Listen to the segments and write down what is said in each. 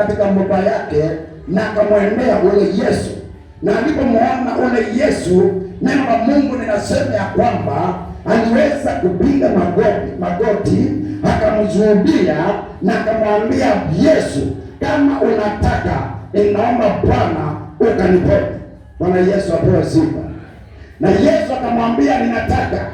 katika mboga yake na akamwendea ule Yesu, na alipomwona ule Yesu, neno la Mungu linasema ya kwamba aliweza kupiga magoti, magoti akamzuhudia na akamwambia Yesu, kama unataka inaomba Bwana ukaniponya. Bwana Yesu apewe sifa. Na Yesu akamwambia ninataka,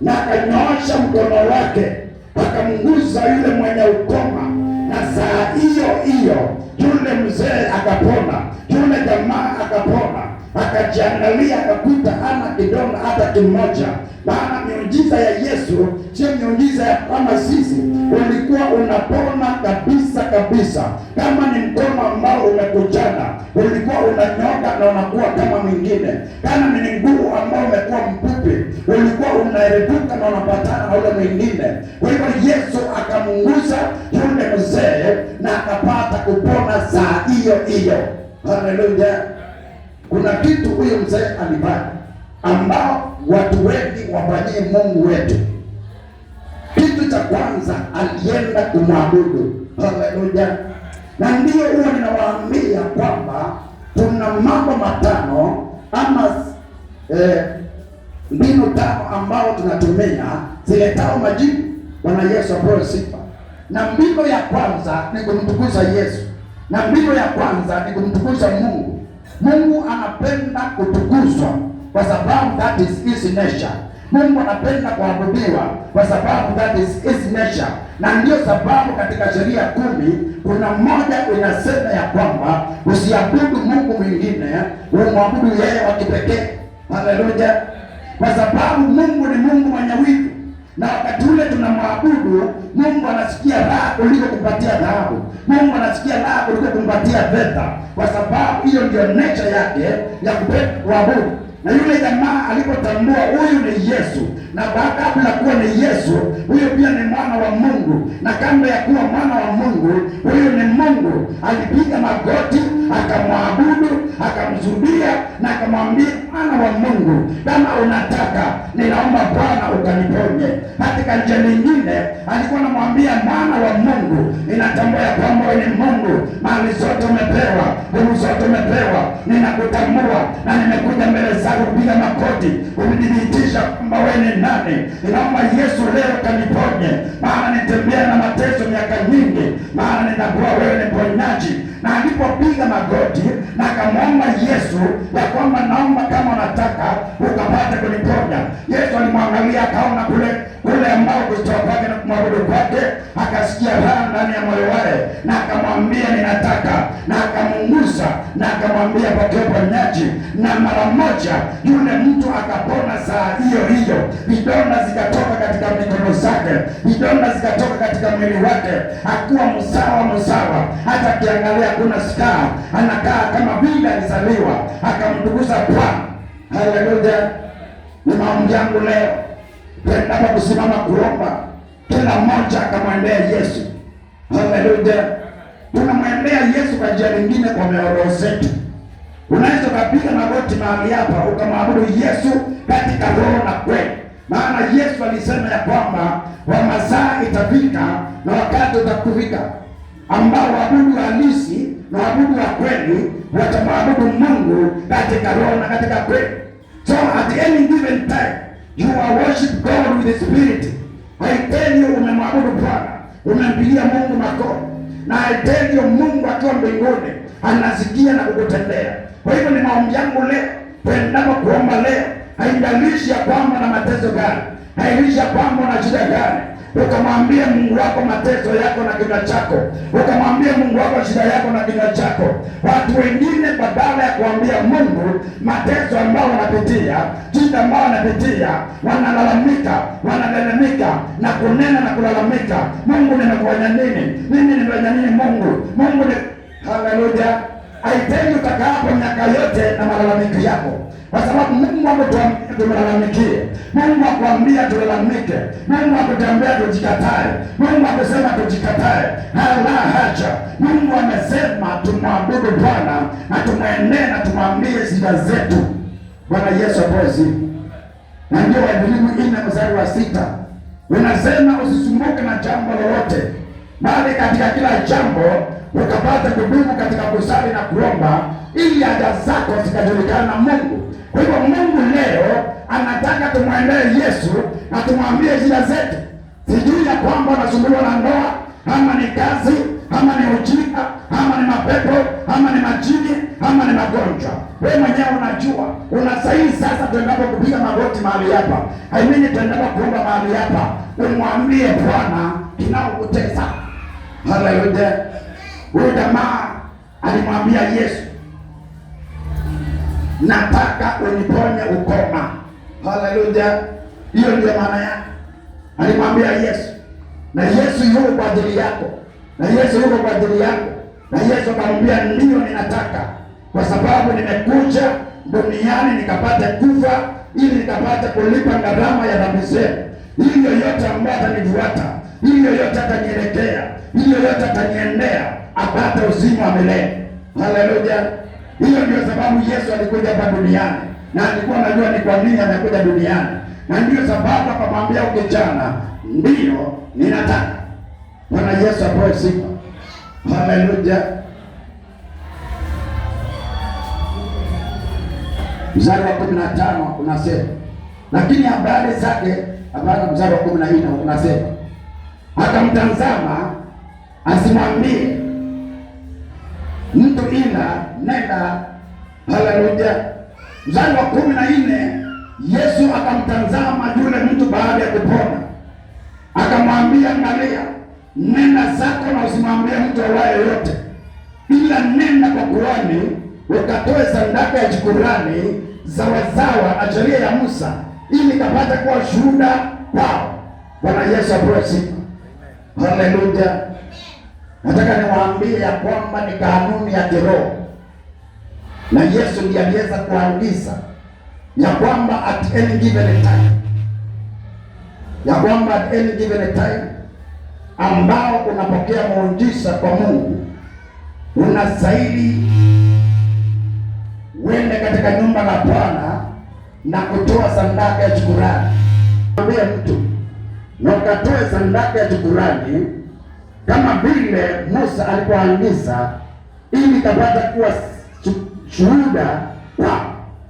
na akanyoosha mkono wake akamguza yule mwenye ukoma na saa hiyo hiyo yule mzee akapona, yule jamaa akapona akajiangalia akakuta hana kidonda hata kimoja. Maana miujiza ya Yesu sio miujiza ya kama sisi, ulikuwa unapona kabisa kabisa. Kama ni mkono ambao umekujana, ulikuwa unanyoka na unakuwa kama mwingine. Kama ni mguu ambao umekuwa mpupi, ulikuwa unaerebuka na unapatana na ule mwingine. Kwa hivyo Yesu akamunguza yule mzee na akapata kupona saa hiyo hiyo. Haleluya! Kuna kitu huyo mzee alibaki ambao watu wengi wafanyie Mungu wetu. Kitu cha kwanza alienda kumwabudu. Haleluya! Na ndiyo huwa ninawaambia kwamba kuna mambo matano ama eh, mbinu tano ambao tunatumia ziletao majibu. Bwana Yesu apewe sifa. Na mbinu ya kwanza ni kumtukuza Yesu, na mbinu ya kwanza ni kumtukuza Mungu Mungu anapenda kutukuzwa kwa sababu that is his nature. Mungu anapenda kuabudiwa kwa sababu that is his nature, na ndiyo sababu katika sheria kumi kuna moja inasema ya kwamba usiabudu Mungu mwingine, umwabudu yeye wa kipekee. Haleluya! kwa sababu Mungu ni Mungu mwenye wivu, na wakati ule tunamwabudu Mungu Mungu anasikia raha kuliko kumpatia dhahabu. Mungu anasikia raha kuliko kumpatia fedha, kwa sababu hiyo ndio nature yake ya kuabudu na yule jamaa alipotambua huyu ni Yesu, na baada ya kuwa ni Yesu, huyu pia ni mwana wa Mungu, na kando ya kuwa mwana wa Mungu, huyu ni Mungu, alipiga magoti akamwabudu, akamzulia na akamwambia, mwana wa Mungu, kama unataka, ninaomba Bwana ukaniponye. Katika njia nyingine alikuwa anamwambia mwana wa Mungu, ninatambua ya kwamba wewe ni Mungu, mali zote umepewa, nguvu zote umepewa, ninakutambua na nimekuja mbele za hataki kupiga makoti, umenithibitisha kwamba wewe ni nani. Ninaomba Yesu leo kaniponye, maana nitembea na mateso miaka nyingi, maana ninakuwa wewe ni mponyaji. Na alipopiga magoti na akamwomba Yesu ya kwamba naomba, kama unataka ukapate kuniponya, Yesu alimwangalia akaona kule ule ambao kutoa kwake na kumwabudu kwake akasikia raha ndani ya moyo wake, na akamwambia ninataka, na akamuunguza na akamwambia pakiwepo nyaji, na mara moja yule mtu akapona saa hiyo hiyo, vidonda zikatoka katika mikono zake, vidonda zikatoka katika mwili wake, akuwa msawa msawa, hata akiangalia kuna skaa, anakaa kama vile alizaliwa, akamtukuza Bwana. Haleluya, ni maombi yangu leo Tuendapo kusimama kuomba, kila mmoja akamwendea Yesu. Haleluya! tunamwendea Yesu kwa njia nyingine, kwa mioyo zetu. Unaweza ukapiga magoti mahali hapa ukamwabudu Yesu katika roho na kweli, maana Yesu alisema ya kwamba wamasaa itafika na wakati utakufika ambao waabudu halisi na waabudu wa kweli watamwabudu Mungu katika roho na katika kweli. So at any given time You are worship God with the spirit. Haitendwi umemwabudu Bwana, umempigia Mungu makoo, na haitendwi Mungu akiwa mbinguni anasikia na kukutendea. Kwa hivyo ni maombi yangu leo, tuendapo kuomba leo, haijalishi ya kwamba na mateso gani, haijalishi ya kwamba na shida gani ukamwambia Mungu wako mateso yako na kina chako, ukamwambia Mungu wako shida yako na kina chako. Watu wengine badala ya kuambia Mungu mateso ambayo wanapitia, shida ambayo wanapitia, wanalalamika, wanalalamika na kunena na kulalamika, Mungu nimefanya nini? Mimi nimefanya nini? Mungu, Mungu ni haleluya aiteni kaka yako miaka yote na malalamiko yako, kwa sababu Mungu tumlalamikie. Mungu akwambia tulalamike. Mungu akutembea tujikatae. Mungu akusema tujikatae, hala haja Mungu amesema tumwabudu Bwana na tumwenee na tumwambie shida zetu. Bwana Yesu apozi, na ndio Waebilimu nne mstari wa sita unasema usisumbuke na jambo lolote, bali katika kila jambo ukapata kudumu katika kusali na kuomba, ili haja zako zikajulikana na Mungu. Kwa hivyo, Mungu leo anataka tumwendee Yesu na tumwambie shida zetu. Sijui ya kwamba unasumbuliwa na ndoa, ama ni kazi, ama ni ujinga, ama ni mapepo, ama ni majini, ama ni magonjwa. Wewe mwenyewe unajua. Una sahihi sasa tuendapo kupiga magoti mahali hapa, I mean tuendapo kuomba mahali hapa, umwambie Bwana kinaokutesa. Haleluya. Huyu jamaa alimwambia Yesu, nataka uniponye ukoma. Haleluya, hiyo ndio maana yake. Alimwambia Yesu, na Yesu yuko kwa ajili yako, na Yesu yuko kwa ajili yako. Na Yesu akamwambia ndio ninataka, kwa sababu nimekuja duniani nikapata kufa ili nikapata kulipa gharama ya dhambi zenu. Hili yoyote ambayo atanifuata, hili yoyote atanielekea, hili yoyote ataniendea apate uzima milele. Haleluya! Hiyo ndio sababu Yesu alikuja hapa duniani na alikuwa anajua ni kwa nini anakuja duniani, na ndio sababu akamwambia ukijana, ndio ninataka. Bwana Yesu apoe sifa. Haleluya! Mstari wa kumi na tano unasema lakini habari zake hapana. Mstari wa kumi na nne unasema akamtazama asimwambie ina nenda. Haleluya! Mstari wa kumi na nne Yesu akamtazama yule mtu baada ya kupona, akamwambia maria nenda zako na usimwambie mtu awaye yote, ila nenda kwa kuhani ukatoe sadaka ya shukrani sawasawa na sheria ya Musa, ili kapata kuwa shuhuda kwao. Bwana Yesu apewe sifa. Haleluya! Nataka niwaambie ya kwamba ni kanuni ya kiroho, na Yesu ndiye aliweza kuagiza ya kwamba at any given time, ya kwamba at any given time ambao unapokea muujiza kwa Mungu unastahili uende katika nyumba la Bwana na kutoa sadaka ya shukrani. Mwambie mtu na ukatoe sadaka ya shukrani kama vile Musa alipoagiza, ili kapata kuwa shuhuda kwa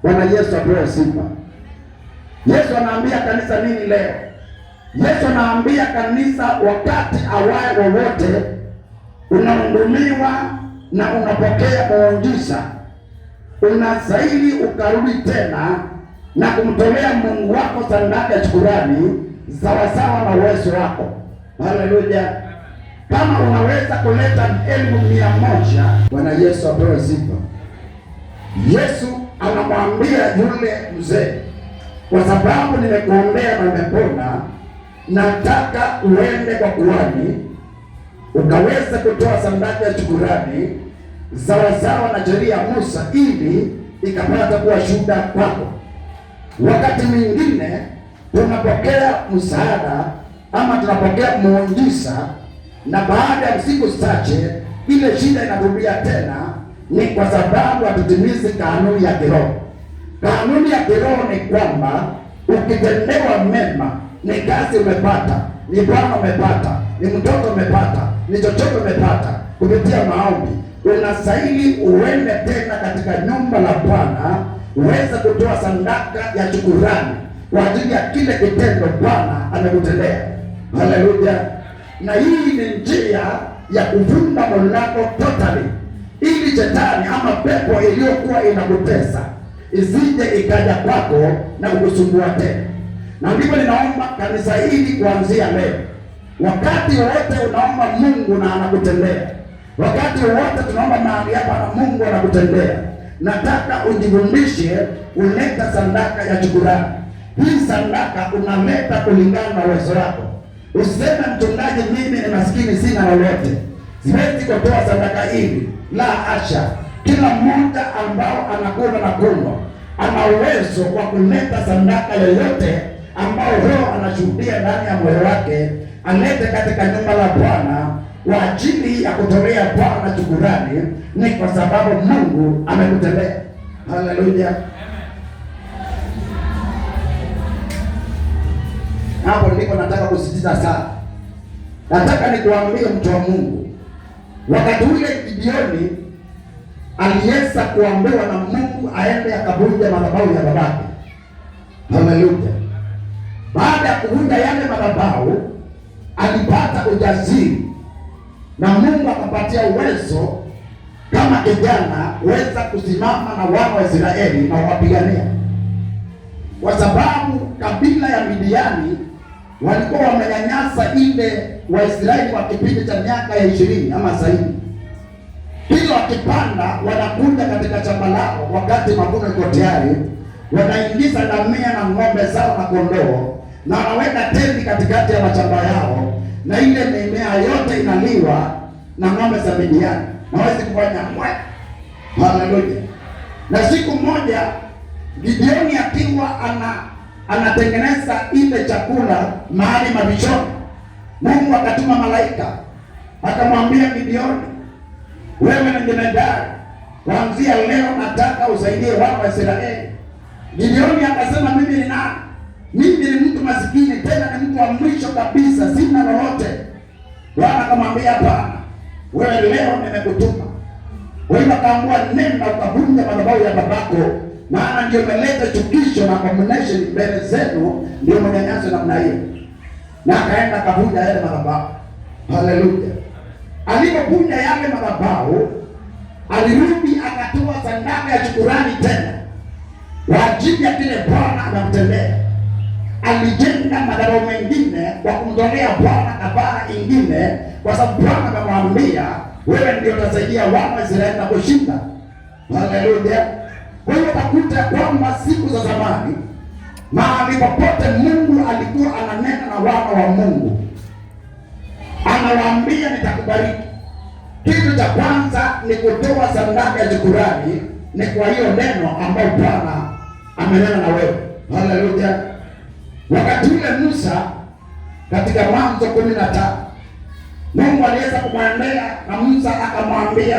Bwana Yesu apewe sifa. Yesu anaambia kanisa nini leo? Yesu anaambia kanisa wakati awaye wowote unahudumiwa na unapokea muujiza, unastahili ukarudi tena na kumtolea Mungu wako sadaka ya shukurani sawasawa na uwezo wako. Haleluya. Kama unaweza kuleta elfu mia moja, Bwana Yesu apewe sifa. Yesu anamwambia yule mzee, kwa sababu nimekuombea na umepona, nataka uende kwa kuhani ukaweza kutoa sadaka ya shukurani sawasawa na sheria ya Musa, ili ikapata kuwa shuhuda kwako. Wakati mwingine tunapokea msaada ama tunapokea muujiza na baada ya siku chache ile shida inarudia tena. Ni kwa sababu hatutimizi kanuni ya kiroho. Kanuni ya kiroho ni kwamba ukitendewa mema, ni kazi umepata, ni bwana umepata, ni mtoto umepata, ni chochote umepata kupitia maombi, unastahili uende tena katika nyumba la Bwana uweze kutoa sadaka ya shukurani kwa ajili ya kile kitendo Bwana amekutendea. Haleluya! na hii ni njia ya kuvunja moyo wako totally, ili shetani ama pepo iliyokuwa inakutesa isije ikaja kwako na kukusumbua tena. Na ndipo ninaomba kanisa hili kuanzia leo, wakati wote unaomba Mungu na anakutendea, wakati wote tunaomba mahali hapa na Mungu anakutendea, nataka ujifundishe kuleta sadaka ya shukrani. Hii sadaka unaleta kulingana na uwezo wako Usema mchungaji, mimi ni maskini, sina lolote, siwezi kutoa sadaka hili La asha, kila mmoja ambao anakula na kunywa ana uwezo wa kuleta sadaka yoyote ambao Roho anashuhudia ndani ya moyo wake, alete katika nyumba la Bwana kwa ajili ya kutolea Bwana shukurani, ni kwa sababu Mungu amekutendea. Haleluya! hapo niko nataka kusitiza sana. Nataka nikuambie mtu wa Mungu, wakati ule Gideoni aliweza kuambiwa na Mungu aende akavunje madhabahu ya babake. Haleluya! Baada ya kuvunja yale madhabahu, alipata ujasiri na Mungu akapatia uwezo kama kijana weza kusimama na wana wa Israeli na kuwapigania, kwa sababu kabila ya Midiani walikuwa wamenyanyasa ile Waisraeli kwa kipindi cha miaka ya ishirini ama zaidi, kila wakipanda wanakuja katika shamba lao, wakati mavuno iko tayari, wanaingiza ngamia na ng'ombe zao na kondoo, na wanaweka tendi katikati ya mashamba yao, na ile mimea yote inaliwa na ng'ombe za Midiani, na hawezi kufanya mwe. Haleluya! Na siku moja Gideoni akiwa ana anatengeneza ile chakula mahali mavichoni. Mungu akatuma malaika akamwambia Gideoni, wewe ni jemedari, kuanzia leo nataka usaidie wana wa Israeli. Gideoni akasema mimi ni nani? Mimi ni mtu masikini, tena ni mtu wa mwisho kabisa, sina lolote. Bwana akamwambia hapana, wewe leo nimekutuma. wewe hiyo nenda ukavunja madhabahu ya babako maana ndio imeleta chukisho na abomination mbele zenu, ndio manyanyaso namna hiyo. Na akaenda akavunja yale madhabahu. Haleluya! Alipovunja yale madhabahu, alirudi akatoa sadaka ya shukurani tena kwa ajili ya kile Bwana anamtendea. Alijenga madhabahu mengine kwa kumtolea Bwana kafara ingine, kwa sababu Bwana akamwambia, wewe ndio utasaidia wana Israeli na kushinda. Haleluya! wewe utakuta kwamba siku za zamani, mahali popote Mungu alikuwa ananena na wana wa Mungu, anawaambia nitakubariki. Kitu cha kwanza ni kutoa sadaka ya shukrani, ni kwa hiyo neno ambayo Bwana amenena na wewe. Haleluya! Wakati ule Musa katika Mwanzo kumi na tatu Mungu aliweza kumwendea na Musa akamwambia,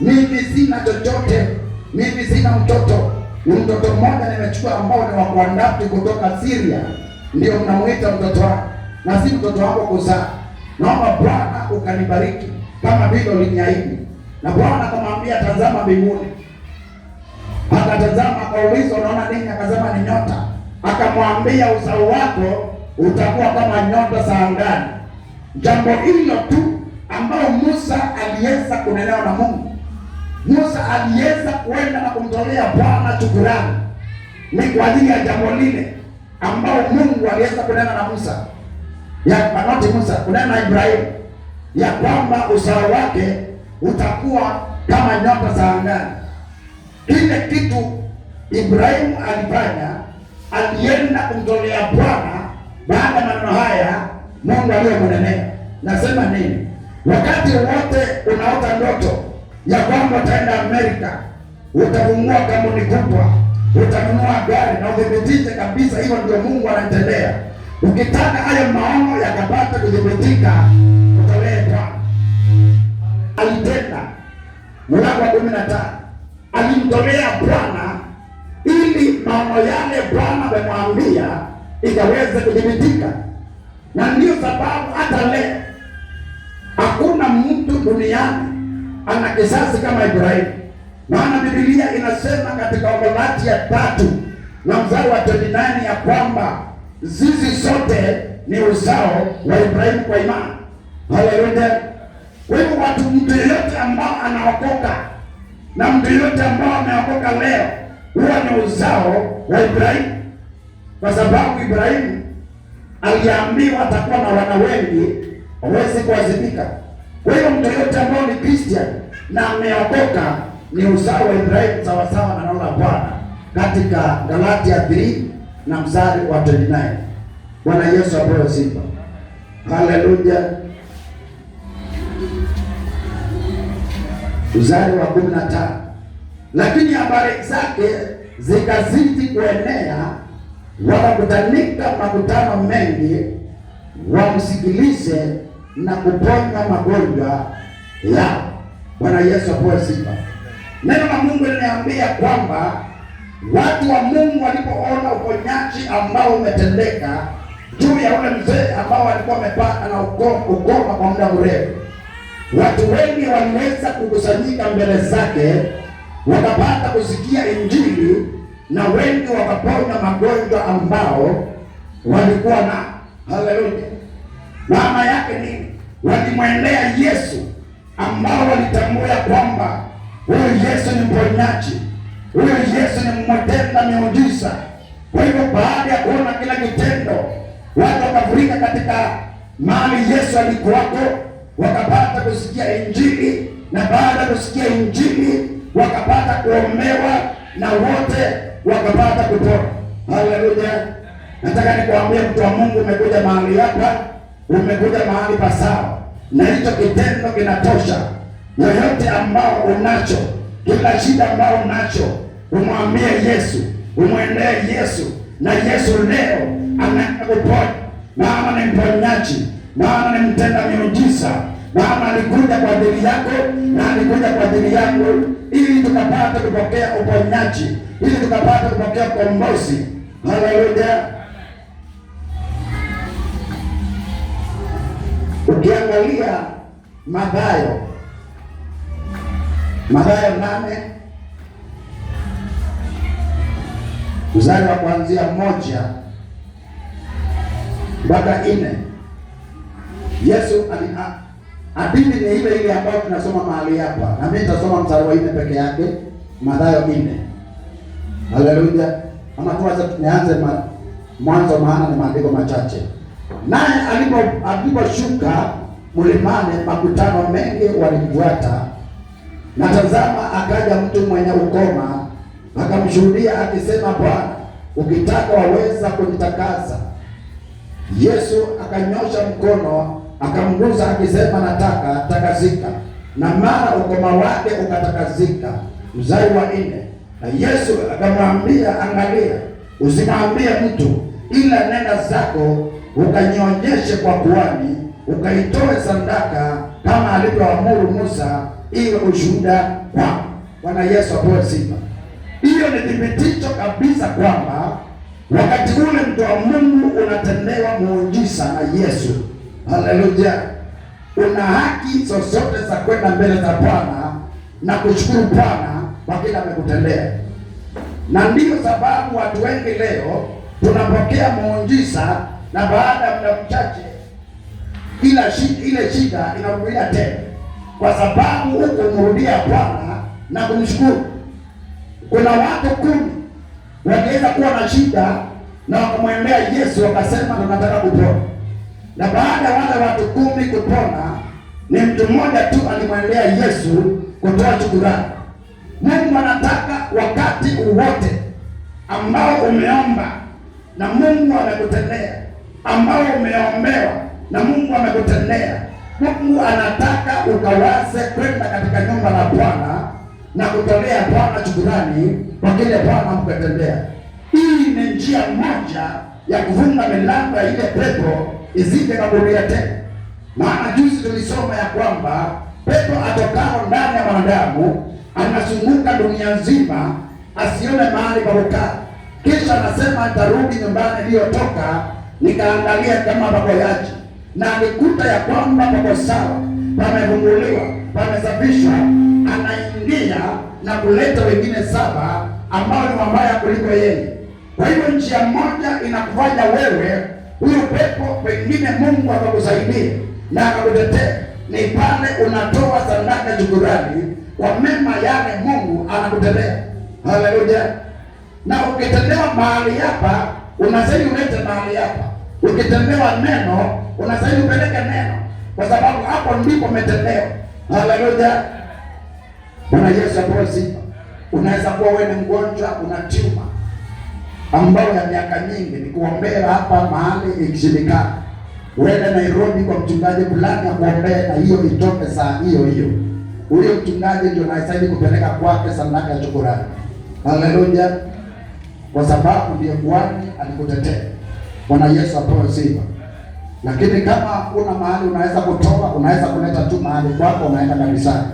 mimi sina chochote mimi sina mtoto, ni mtoto mmoja nimechukua, ambao ni wa kuandati kutoka Syria, ndio mnamuita mtoto wako na si mtoto wako kuzaa. Naomba Bwana ukanibariki kama vile uliniahidi. Na Bwana akamwambia tazama mbinguni, akatazama, akaulizwa unaona nini? Akasema ni nyota. Akamwambia uzao wako utakuwa kama nyota za angani. Jambo hilo tu ambao Musa aliweza kunelewa na Mungu Musa aliweza kuenda na kumtolea Bwana shukrani, ni kwa ajili ya jambo lile ambao Mungu aliweza kunena na Musa ya manoti Musa kunena na Ibrahimu ya kwamba uzao wake utakuwa kama nyota za angani. Kile kitu Ibrahimu alifanya, alienda kumtolea Bwana. Baada ya maneno haya Mungu aliyomnenea, nasema nini? Wakati wote unaota ndoto ya kwamba utaenda Amerika, utanunua kampuni kubwa, utanunua gari na udhibitishe kabisa hivyo ndio Mungu anatendea. Ukitaka hayo maono yakapata kudhibitika, utolee Bwana. Alitenda mlango wa kumi na tano, alimtolea Bwana ili maono yale Bwana amemwambia ikaweze kudhibitika, na ndio sababu hata leo hakuna mtu duniani ana kisasi kama Ibrahimu, maana Biblia inasema katika Wagalatia ya tatu na mzao wa 29 ya kwamba zizi sote ni uzao wa Ibrahimu kwa imani. Haleluya! Kwa hivyo watu, mtu yeyote ambao anaokoka na mtu yeyote ambao ameokoka leo huwa ni uzao wa Ibrahimu, kwa sababu Ibrahimu aliambiwa atakuwa na wana wengi, hawezi kuwazidika kwa hiyo mtu yote ambaye ni Christian na ameokoka ni uzao wa Ibrahimu sawasawa na neno la Bwana katika Galatia 3 na mstari wa 29. Bwana Yesu apewe sifa. Haleluya. Uzari wa 15. Lakini habari zake zikazidi kuenea, wakakutanika makutano mengi wamsikilize na kuponya magonjwa yao. Bwana Yesu apoe sifa. Neno la Mungu linaniambia kwamba watu wa Mungu walipoona uponyaji ambao umetendeka juu ya ule mzee ambao alikuwa amepata na ukoma kwa muda mrefu, watu wengi waliweza kukusanyika mbele zake, wakapata kusikia Injili na wengi wakaponya magonjwa ambao walikuwa na. Haleluya! maana yake nini? Walimwendea Yesu ambao walitambua kwamba huyo Yesu ni mponyaji, huyo Yesu ni mmetenda miujiza. Kwa hivyo baada ya kuona kila kitendo, watu wakafurika katika mahali Yesu alikuwako, wakapata kusikia Injili, na baada ya kusikia Injili wakapata kuomewa na wote wakapata kutoka. Haleluya! Nataka nikuambie mtu wa Mungu, umekuja mahali hapa umekuja mahali pa sawa, na hicho kitendo kinatosha. Yoyote ambao unacho, kila shida ambao unacho, umwambie Yesu, umwendee Yesu, na Yesu leo anaenda kuponya, maana ni mponyaji, mama ni mtenda miujiza, maana alikuja kwa ajili yako na alikuja kwa ajili yangu, ili tukapate kupokea uponyaji, ili tukapate kupokea ukombozi. Haleluya. Ukiangalia Mathayo, Mathayo nane mstari wa kuanzia moja mpaka nne Yesu hadithi ni ile ile ambayo tunasoma mahali hapa, na mimi nitasoma mstari wa nne peke yake, Mathayo nne. Haleluya! Ama tuanze, tumeanze mwanzo, maana ni maandiko machache Naye aliposhuka mlimani, makutano mengi walimfuata. Na tazama, akaja mtu mwenye ukoma, akamshuhudia akisema, Bwana, ukitaka waweza kunitakasa. Yesu akanyosha mkono akamgusa akisema, nataka, takasika. Na mara ukoma wake ukatakasika. mzai wa nne. Na Yesu akamwambia, angalia, usimwambie mtu, ila nenda zako ukanyonyeshe kwa kuhani, ukaitoe sadaka kama alivyoamuru Musa, iwe ushuhuda kwa Bwana Yesu apewe sifa. Hiyo ni thibitisho kabisa kwamba wakati ule mtu wa Mungu unatendewa muujiza na Yesu. Haleluya! Una haki zozote za kwenda mbele za Bwana na kushukuru Bwana kwa kile amekutendea, na ndiyo sababu watu wengi leo tunapokea muujiza na baada ya muda mchache ila shida, ile shida inarudia tena, kwa sababu hukumrudia Bwana na kumshukuru. Kuna watu kumi waliweza kuwa na shida na wakamwendea Yesu wakasema, tunataka kupona. Na baada ya wale watu kumi kupona, ni mtu mmoja tu alimwendea Yesu kutoa shukurani. Mungu anataka wakati wowote ambao umeomba na Mungu amekutendea ambayo umeombewa na Mungu amekutendea. Mungu anataka ukawaze kwenda katika nyumba la Bwana na kutolea Bwana shukurani kwa kile Bwana amekutendea. Hii ni njia moja ya kufunga milango ya ile pepo isije kakurudia tena. Maana juzi tulisoma ya kwamba pepo atokao ndani ya mwanadamu anazunguka dunia nzima, asione mahali pa kukaa, kisha anasema atarudi nyumbani iliyotoka nikaangalia kama pakoyaji na nikuta ya kwamba pako sawa, pamevumbuliwa, pamesafishwa. Anaingia na kuleta wengine saba ambao ni wabaya kuliko yeye. Kwa hivyo njia moja inakufanya wewe huyo pepo, pengine Mungu akakusaidia na akakutetea, ni pale unatoa sadaka shukurani kwa mema yale Mungu anakutetea Haleluya! na ukitendewa mahali hapa unastahili ulete mahali hapa. Ukitembewa neno, unastahili upeleke neno, kwa sababu hapo ndipo umetembewa. Haleluya, Bwana Yesu apewe sifa. Unaweza kuwa wewe ni mgonjwa, una tuma ambayo ya miaka nyingi, ni kuombea hapa mahali ikishindikana, uende Nairobi kwa mchungaji fulani akuombee, na hiyo itoke saa hiyo hiyo. Huyo mchungaji ndio anastahili kupeleka kwake sadaka ya shukrani. Haleluya kwa sababu ndiye kuhani alikutetea. Bwana Yesu apewe sifa. Lakini kama una mahali unaweza kutoa, unaweza kuleta tu mahali kwako, unaenda kanisani.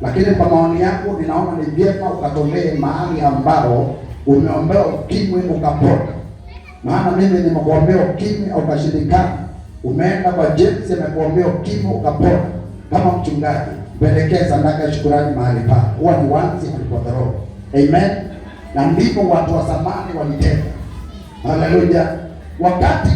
Lakini kwa maoni yangu, ninaona ni vyema ukatolee mahali ambao umeombea ukimwi ukapona. Maana mimi nimekuombea ukimwi au ukashindikana, umeenda kwa James amekuombea ukimwi ukapona. Kama mchungaji, pelekee sadaka ya shukrani mahali pako. Huwa ni wanzi alipodharau. Amen na ndipo watu wa zamani walitenda. Haleluya, wakati